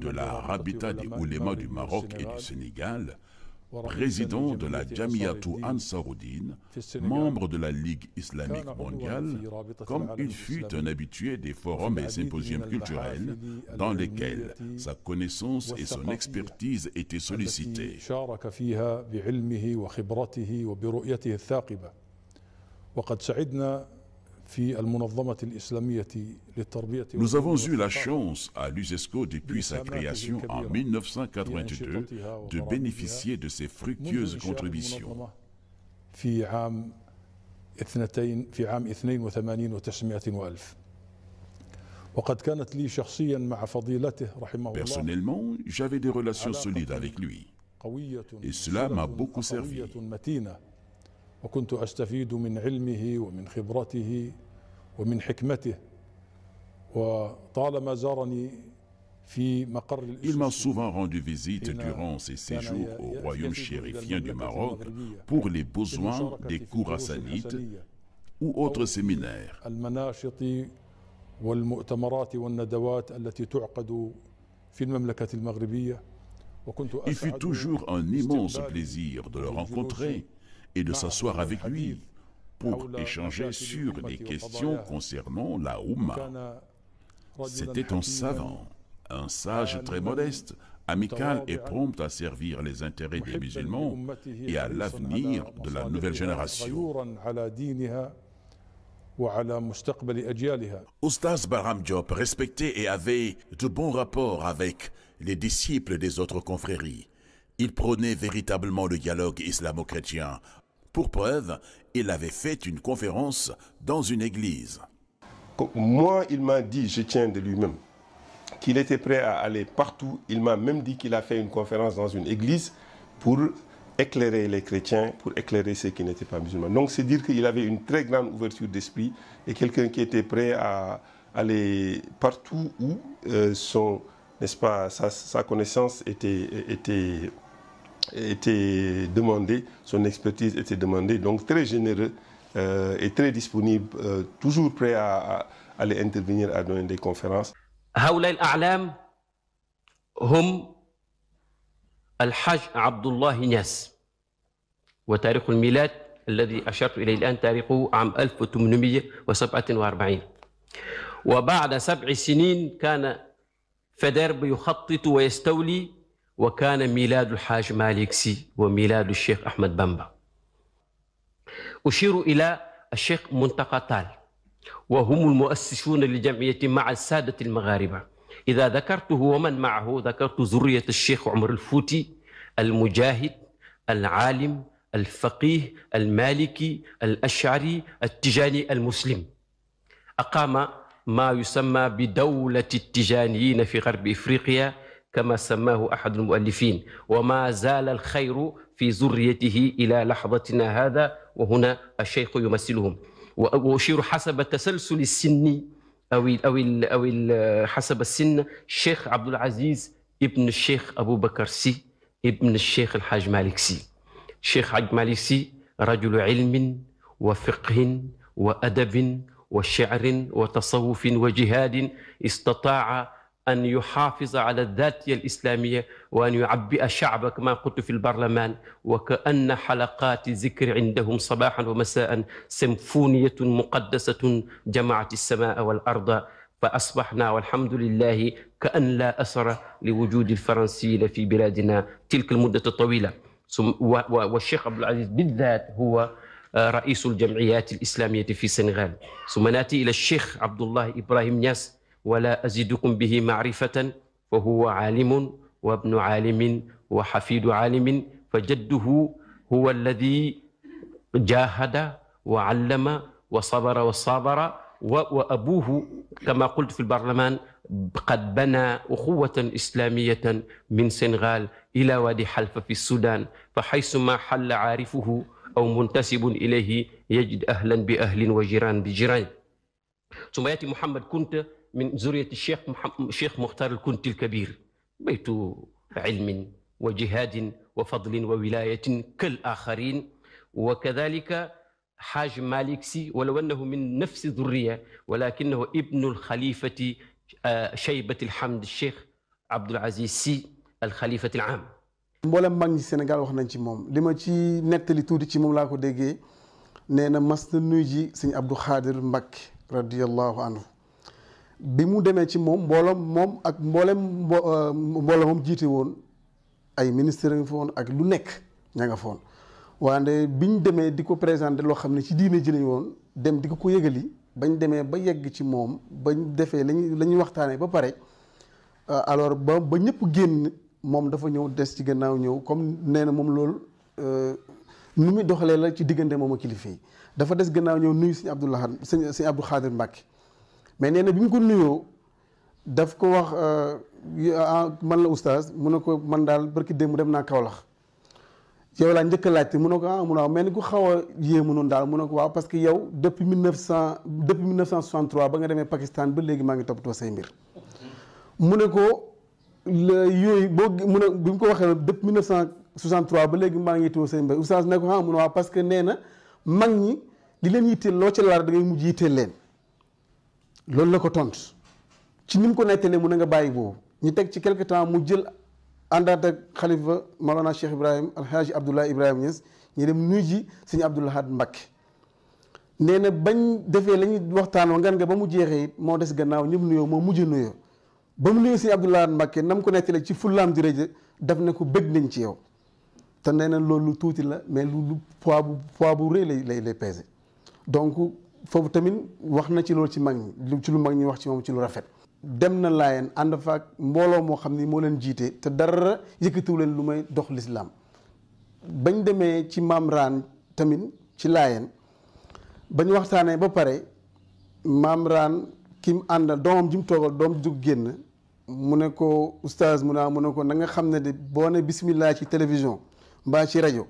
de la Rabita des Oulémas du Maroc et du Sénégal, président de la Jamiatou Ansaruddin, membre de la Ligue islamique mondiale, comme il fut un habitué des forums et symposiums culturels dans lesquels sa connaissance et son expertise étaient sollicitées. Nous avons eu la chance à l'USESCO, depuis sa création en 1982 de bénéficier de ses fructueuses contributions. Personnellement, j'avais des relations solides avec lui et cela m'a beaucoup servi. Il m'a souvent rendu visite durant ses séjours au royaume chérifien du Maroc pour les besoins des cours assanites ou autres séminaires. Il fut toujours un immense plaisir de le rencontrer et de ah, s'asseoir avec lui pour échanger sur des questions concernant la Oumma. C'était un savant, un sage très modeste, amical et prompt à servir les intérêts des musulmans et à l'avenir de la nouvelle génération. Oustaz Baram Diop respectait et avait de bons rapports avec les disciples des autres confréries. Il prônait véritablement le dialogue islamo-chrétien pour preuve, il avait fait une conférence dans une église. Moi, il m'a dit, je tiens de lui-même, qu'il était prêt à aller partout. Il m'a même dit qu'il a fait une conférence dans une église pour éclairer les chrétiens, pour éclairer ceux qui n'étaient pas musulmans. Donc c'est dire qu'il avait une très grande ouverture d'esprit et quelqu'un qui était prêt à aller partout où euh, son, n'est-ce pas, sa, connaissance était, était était demandé, son expertise était demandée, donc très généreux euh, et très disponible, euh, toujours prêt à, à aller intervenir, à donner des conférences. هؤلاء الأعلام هم الحاج عبد الله ناس وتاريخ الميلاد الذي أشرت إليه الآن تاريخه عام 1847 وبعد سبع سنين كان فدرب يخطط ويستولي وكان ميلاد الحاج مالك سي وميلاد الشيخ أحمد بامبا أشير إلى الشيخ منتقى طال وهم المؤسسون للجمعية مع السادة المغاربة إذا ذكرته ومن معه ذكرت ذرية الشيخ عمر الفوتي المجاهد العالم الفقيه المالكي الأشعري التجاني المسلم أقام ما يسمى بدولة التجانيين في غرب إفريقيا كما سماه احد المؤلفين وما زال الخير في ذريته الى لحظتنا هذا وهنا الشيخ يمثلهم واشير حسب التسلسل السني او او او حسب السن الشيخ عبد العزيز ابن الشيخ ابو بكر سي ابن الشيخ الحاج مالك سي الشيخ حاج مالك سي رجل علم وفقه وادب وشعر وتصوف وجهاد استطاع أن يحافظ على الذاتية الإسلامية وأن يعبئ شعبه كما قلت في البرلمان وكأن حلقات ذكر عندهم صباحا ومساء سمفونية مقدسة جمعت السماء والأرض فأصبحنا والحمد لله كأن لا أثر لوجود الفرنسيين في بلادنا تلك المدة الطويلة والشيخ عبد العزيز بالذات هو آه، رئيس الجمعيات الإسلامية في السنغال ثم نأتي إلى الشيخ عبد الله إبراهيم نياس ولا أزيدكم به معرفة فهو عالم وابن عالم وحفيد عالم فجده هو الذي جاهد وعلم وصبر وصابر وأبوه كما قلت في البرلمان قد بنى أخوة إسلامية من سنغال إلى وادي حلفة في السودان فحيثما حل عارفه أو منتسب إليه يجد أهلا بأهل وجيران بجيران ثم يأتي محمد كنت من ذرية الشيخ الشيخ مختار الكنت الكبير بيت علم وجهاد وفضل وولاية كالآخرين وكذلك حاج مالكسي ولو أنه من نفس ذرية ولكنه ابن الخليفة آه، شيبة الحمد الشيخ عبد العزيز سي الخليفة العام مولم mag ñi Sénégal wax موم ci moom li تودي ci موم لاكو ci نينا laa ko déggee nee na mas na nuyu ji sëñ bi mu demee ci moom mbooloom moom ak mbooleem euh, mbooloo moom jiite woon ay ministère nga fa ak lu nekk ña nga fa woon waande biñ demee di ko présenté loo xam ne ci diine ji lañ woon dem di ko ko yëgali bañ demee ba yegg ci moom bañ defee lañ la ñuy waxtaanee ba pare euh, alors ba ba ñëpp génn moom dafa ñëw des ci gannaaw ñëw comme nee na moom loolu euh, nu muy doxalee la ci diggante moom ak kilifa dafa des gannaaw ñëw nuyu sëñ Abdou Lahad sëñ sëñ Abdou Khadir Mbacke mais nee na bi mu ko nuyoo daf ko wax euh, ah, man la oustaz mu ne ko man daal barki démb dem naa Kaolack yow laa njëkk a laajte mu ne ko ah mu ne mel ni ku xaw a yéemu noonu daal mu ne ko waaw parce que yow depuis mille neuf cent depuis mille ba nga demee Pakistan ba léegi maa ngi toppatoo say mbir mu ne ko la yooyu boo mu ne bi mu ko waxee depuis mille neuf cent soixante ba léegi maa ngi yittewoo say mbir oustaz ne ko ah mu ne waaw parce que nee na mag ñi li leen yitteel loo ci laal da ngay mujj yitteel leen loolu la ko tontu ci ni mu ko nettalee mu ne nga bàyyi boobu ñu teg ci quelque temps mu jël àndaat ak xalifa Mawlana Cheikh Ibrahim alxaaji Abdoulaye Ibrahima Niass ñu dem nuyu ji sëñ Abdoul Ahad nee na bañ defee la ñuy waxtaanoo ngan nga ba mu jeexee moo des gannaaw ñëpp nuyoo moo mujj nuy ba mu nuyoo sëñ Abdoul Ahad Mbacké nam ko nettalee ci fullaam di rajo daf ne ko bëgg nañ ci yow te nee na loolu lu tuuti la mais lu poids bu poids bu rëy lay lay lay donc. foofu tamit wax na ci loolu ci mag ñi ci lu mag ñi wax ci moom ci lu rafet dem na laayeen ànd faak mbooloo moo xam ni moo leen jiite te dara yëkkatiw leen lu may dox lislaam bañ demee ci maam raan tamit ci laayeen bañ waxtaanee ba pare maam raan ki mu àndal doomam ji mu doom jug génn mu ne ko oustaz mu naa mu ne ko na nga xam ne de boo ne bismillah ci télévision mbaa ci rajo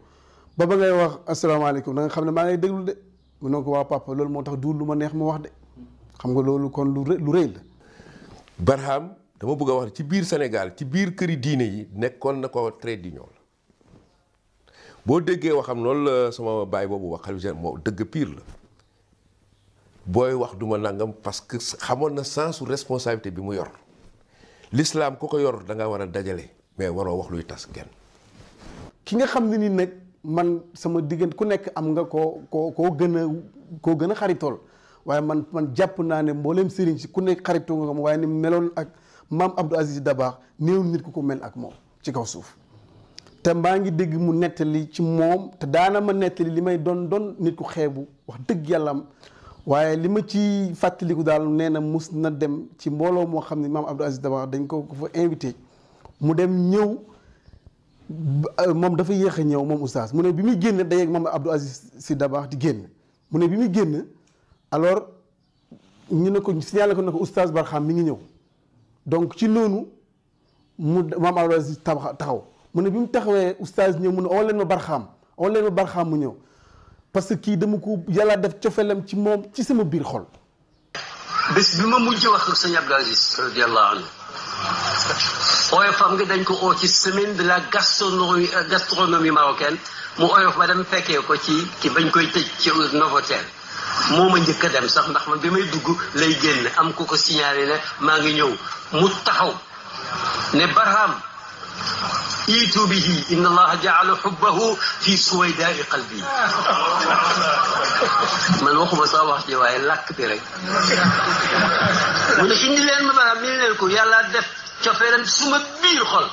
ba ba ngay wax asalaamaaleykum na nga xam ne maa ngay déglu de mu ne waa papa loolu moo tax du lu ma neex ma wax de xam nga loolu kon lu rë lu rëy la. Barham dama bëgg a wax ci biir Sénégal ci biir këri diine yi nekkoon na ko trait d'union la boo déggee waxam loolu la sama baay boobu wax xalif moo dëgg pire la booy wax duma nangam parce que xamoon na sensu responsabilité bi mu yor lislaam ku ko yor da nga war a dajale mais waroo wax luy tas kenn. ki nga xam ne ni nag. man sama diggante ku nekk am nga koo koo ko gën a koo gën a xaritool waaye man man jàpp naa ne mbooleem sëriñ si ku nekk xaritoo nga waaye ni meloon ak maam Abdou Aziz Dabakh néew nit ku ko mel ak moom ci kaw suuf te maa ngi dégg mu nettali ci moom te daana ma nettali li may doon doon nit ku xeebu wax dëgg yàllam waaye li ma ci fàttaliku daal nee na mus na dem ci mbooloo moo xam ne maam Abdou Aziz Dabakh dañ ko ko fa invité mu dem ñëw Euh, moom dafa yéex a ñëw moom oustaz mu ne bi muy génn dayeeg moom Abdou Aziz si Dabaax di génn mu ne bi muy génn alors ñu ne ko signalé ko ne ko oustaz Barxam mi ngi ñëw donc ci noonu mu maam Abdou Aziz taxaw mu ne bi mu taxawee oustaz ñëw mu ne oo leen ma Barxam oo leen ma Barxam mu ñëw parce que kii dama ko yàlla def cofelam ci moom ci sama biir xol. bés bi ma mujj wax ak sëñ Abdou Aziz radiyallahu anhu OFM gi dañ ko oo ci semaine de la gastronomie euh, gastronomie marocaine mu oyof ma dem fekkee ko ci ci bañ koy tëj ci Novotel moo ma njëkk a dem sax ndax ma bi may dugg lay génn am ku ko signalé ne maa ngi ñëw mu taxaw ne Barham ايت به ان الله جعل حبه في سويداء قلبي من وخم صباح جواي لك تري من شن اللي انا من لكم يلا دف كفيرن سما بير خل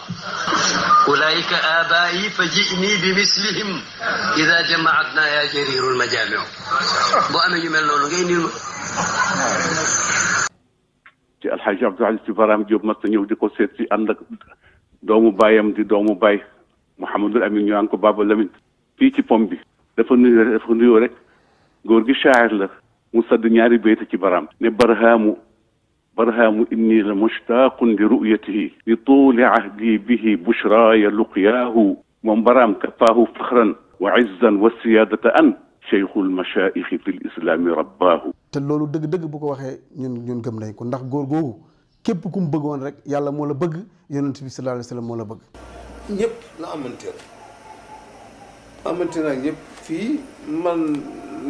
اولئك ابائي فجئني بمثلهم اذا جمعتنا يا جرير المجامع وانا يمل لون غيني الحاجه عبد العزيز في برامج يوم مصر يوم ديكو سيتي عندك doomu bayam di doomu bay Mouhamadul Amin ñu naan ko Baba Lamine fi ci pom bi dafa nuyu dafa nuyoo rek góor gi shaahir la mu sadd ñaari beete ci baram ne barhamu barhamu inni la mushtaqun li li ru'yatihi tul ahdi bihi لمشتاق لرؤيته لطول عهدي به بشراي لقياه وانبرام wa فخرا وعزا والسيادة أن شيخ المشائخ في الإسلام رباه te loolu dëgg-dëgg bu ko waxee ñun ñun gëm nañ ko ndax góor googu képp ku mu bëggoon rek yàlla moo la bëgg yonent bi sallallahu alayhi wa moo la bëgg. ñëpp la amanteel amante naa ñëpp fii man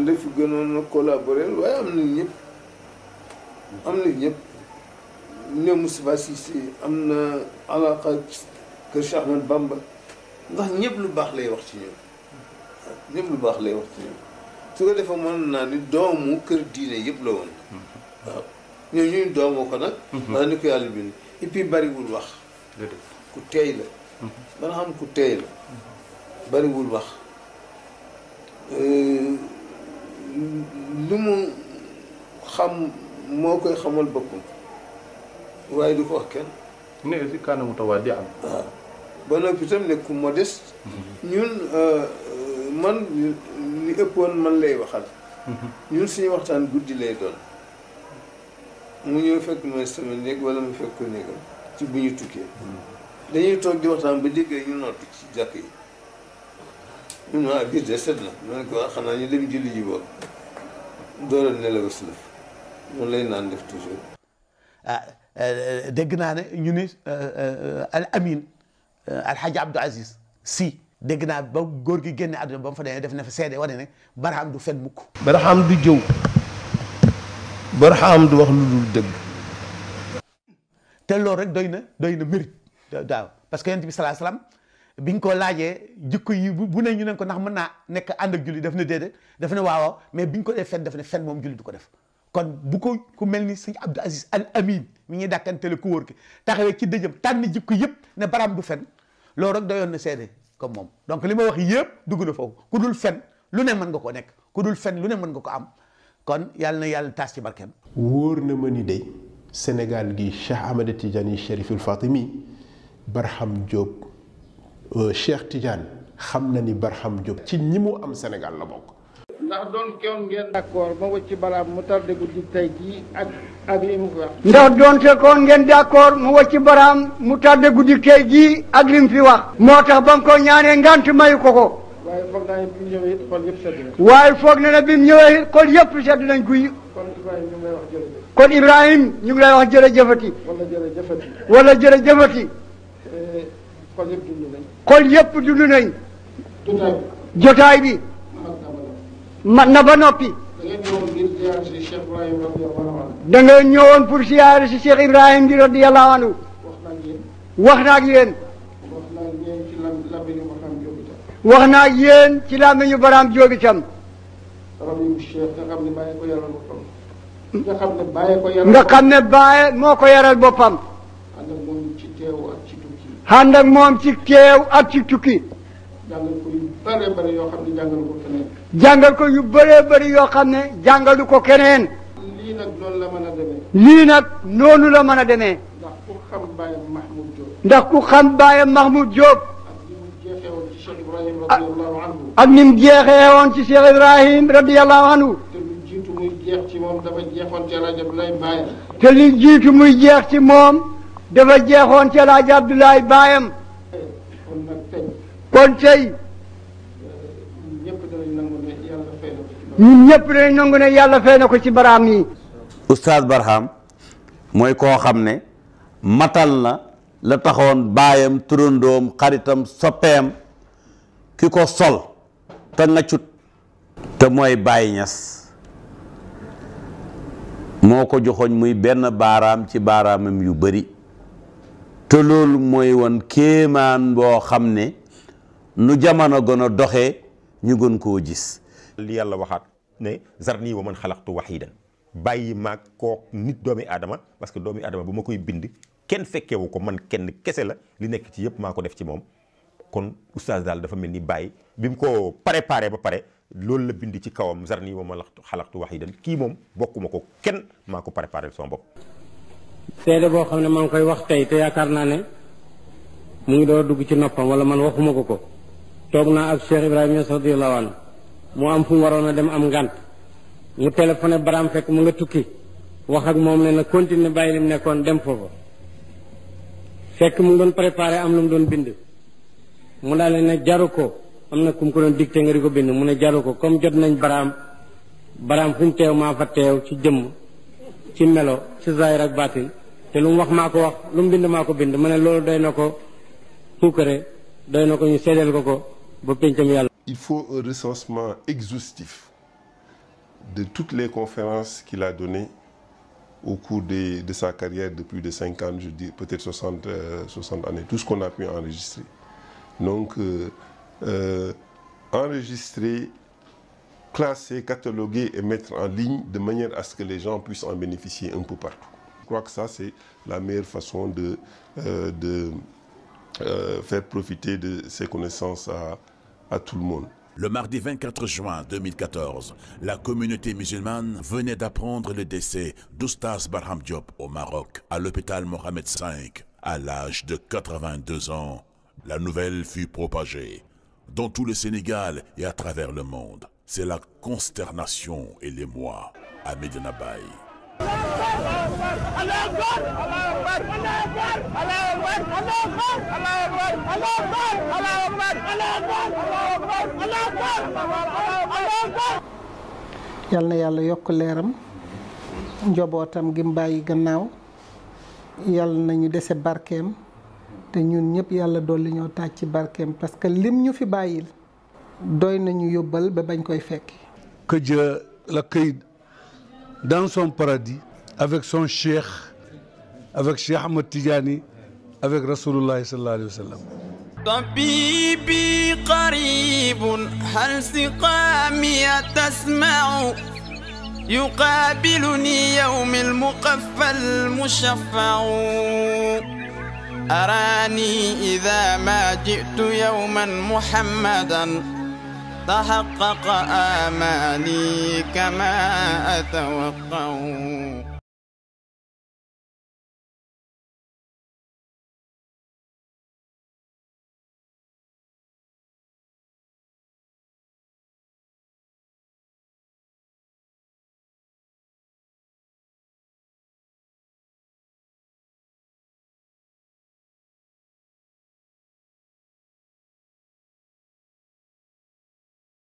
la fi gënoon am na ñëpp am na ñëpp am na alaqa ndax ñëpp lu baax lay wax ci ñoom ñëpp lu baax lay wax ci ñoom su ko defee mën naa ni doomu kër diine yëpp la woon ñoo ñu doomoo ko nag mhm. wala ni ko yàlla bi et puis bariwul wax ku teey la mhm. xam ku teey bariwul wax euh, lu mu xam moo koy xamal boppam waaye du ko wax kenn ne si kaana mutawaadi am waaw ba noppi itam ne ku modeste mhm. ñun euh, man li ëppoon man lay waxal ñun suñu waxtaan guddi lay doon mu ñëw fekk ma sama néeg wala mu fekk ko ci bu ñu tukkee hmm. dañuy toog di waxtaan ba dégg ñu nottu ci jàkk yi mun ma biir de set na ma ne ko waa xanaa ñu dem naan def toujours ah eh, dégg naa ne ñu ne eh, eh, al amin alxaaji abdou aziz si dégg naa ba góor gi génne àdduna ba mu fa demee def na fa seede wane ne baraham du fen mukk baraham du jëw برحام دو واخ لودو دغ تلو رك دوينا دوينا ميريت دا باسكو ينتبي صلى الله عليه وسلم بين كو لاجي جيكو يي بو ني ني نكو ناخ منا نيك اندك جولي دافنا ديد دافنا واو مي بين كو ديف دافنا فن موم جولي دوكو ديف كون بوكو كو ملني سي عبد العزيز الامين مي ني داكانتل كو وركي تاخوي كي دجيم تاني جيكو ييب ني برام دو فن لو رك دويون سيدي كوم موم دونك لي ما واخ ييب دوغنا فوف كودول فن لو ني من نكو نيك كودول فن لو ني من نكو ام kon yàlla na yàlla taas ci barkeem. wóor na ma ni day Sénégal gi Cheikh Ahmed Tidiane Chériful Fatimi Barham job Cheikh Tidiane xamna ni Barham job ci ñimu am Sénégal la bok ndax don kon ngeen d'accord ma wacc balam mu tardé gu di tay gi ak ak limu fi wax. ndax don doonte kon ngeen d'accord mu wacc baraam mu tardé gu di tay gi ak limu fi wax. motax tax ko ñaané ngant mayu ko ko. waaye bi mu ñëwee it xol yëpp sedd na. waaye foog na ne bi mu ñëwee it xol yëpp sedd nañ guy. kon Ibrahim ñu ngi lay wax jërëjëfati. wala jërëjëfati. wala jërëjëfati. Eh, xol yëpp dund nañ. xol yëpp dund nañ. jotaay bi. jotaay bi. mat na ba noppi. da nga ñëwoon pour siyaare si Cheikh Ibrahim di radiyallahu anhu. wax na ak yéen. wax naa yéen ci làmmiñu baraam jóob itam. rabiu cheikh nga xam ne bàyyi ko yaral boppam. nga moo ko yaral boppam. ànd ak moom ci teew ak ci tukki. ànd ko yu bare bëri yoo xam ne jàngalu ko keneen. jàngal ko keneen. lii nag noonu la mën a demee. la mën a demee. ndax ku xam bàyyam Mahmoud Diop. ndax ku xam Ah, ak nim jeexee ci Cheikh Ibrahim radiyallahu anhu te li jiitu muy jeex ci moom dafa jeexoon ci El Hadj baayam kon tey ñun ñëpp dañ nangu ne yàlla fay na ko ci baraam yi. Oustaz Barham mooy koo xam ne matal na la taxoon baayam turandoom xaritam soppeem. ki ko sol te cut te mooy Baay Ñas moo ko joxoñ muy benn baaraam ci baaraamam yu bari te loolu mooy woon kéemaan boo xam ne nu jamono gën a doxe ñu gën koo gis li yàlla waxaat ne zarni wa man xalaqtu wahidan bàyyi maag koo nit doomi aadama parce que doomi aadama bu ma koy bind kenn fekkewu ko man kenn kese la li nekk ci yëpp maa ko def ci moom kon oustaz daal dafa mel ni bàyyi bi mu ko préparé ba pare loolu la bind ci kawam zarni wa ma xalaxtu wax yi dañ kii moom bokkuma ko kenn maa ko préparé sama bopp. seede boo xam ne maa ngi koy wax te yaakaar naa ne mu ngi door dugg ci noppam wala man waxuma ko ko toog naa ak Cheikh Ibrahima Niass radiyallahu anhu mu am fu waroon a dem am ngant mu téléphoné baraam fekk mu nga tukki wax ak moom ne na continuer bàyyi li mu nekkoon dem foofu fekk mu ngi doon préparé am lu mu doon bind. mu daal leen ne jaru ko am na ku ko doon dicté nga di ko bind mu ne jaru ko comme jot nañ baraam baraam fu ñu teew maa fa teew ci jëmm ci melo ci zahir ak baatin te lu mu wax maa ko wax lu mu bind maa ko bind ma ne loolu doy na ko puukare doy na ko ñu seedeel ko ko ba péncam yàlla il faut un recensement exhaustif de toutes les conférences qu'il a données au cours de, de, sa carrière de plus de 50, je dis peut-être 60, euh, 60 années, tout ce qu'on a pu enregistrer. Donc, euh, euh, enregistrer, classer, cataloguer et mettre en ligne de manière à ce que les gens puissent en bénéficier un peu partout. Je crois que ça, c'est la meilleure façon de, euh, faire profiter de ces connaissances à, tout le monde. Le mardi 24 juin 2014, la communauté musulmane venait d'apprendre le décès d'Oustas Barham Diop au Maroc, à l'hôpital Mohamed V, à l'âge de 82 ans la nouvelle fut propagée dans tout le Sénégal et à travers le monde. C'est la consternation et l'émoi à Medina Bay. yal na yàlla yokk leeram njobootam gi mbàyyi gannaaw yal de dese colère. te ñun ñëpp yàlla dolli ñoo taaj ci barkeem parce que lim ñu fi bàyyil doy nañu yóbbal ba bañ koy fekki. que Dieu l'accueille dans son paradis avec son cheikh avec Cheikh Ahmed Tidiane avec Rasulullah sallallahu alayhi wa sallam. طبيبي قريب هل سقامي تسمع يقابلني يوم المقفى المشفع أراني إذا ما جئت يوما محمدا تحقق آمالي كما أتوقع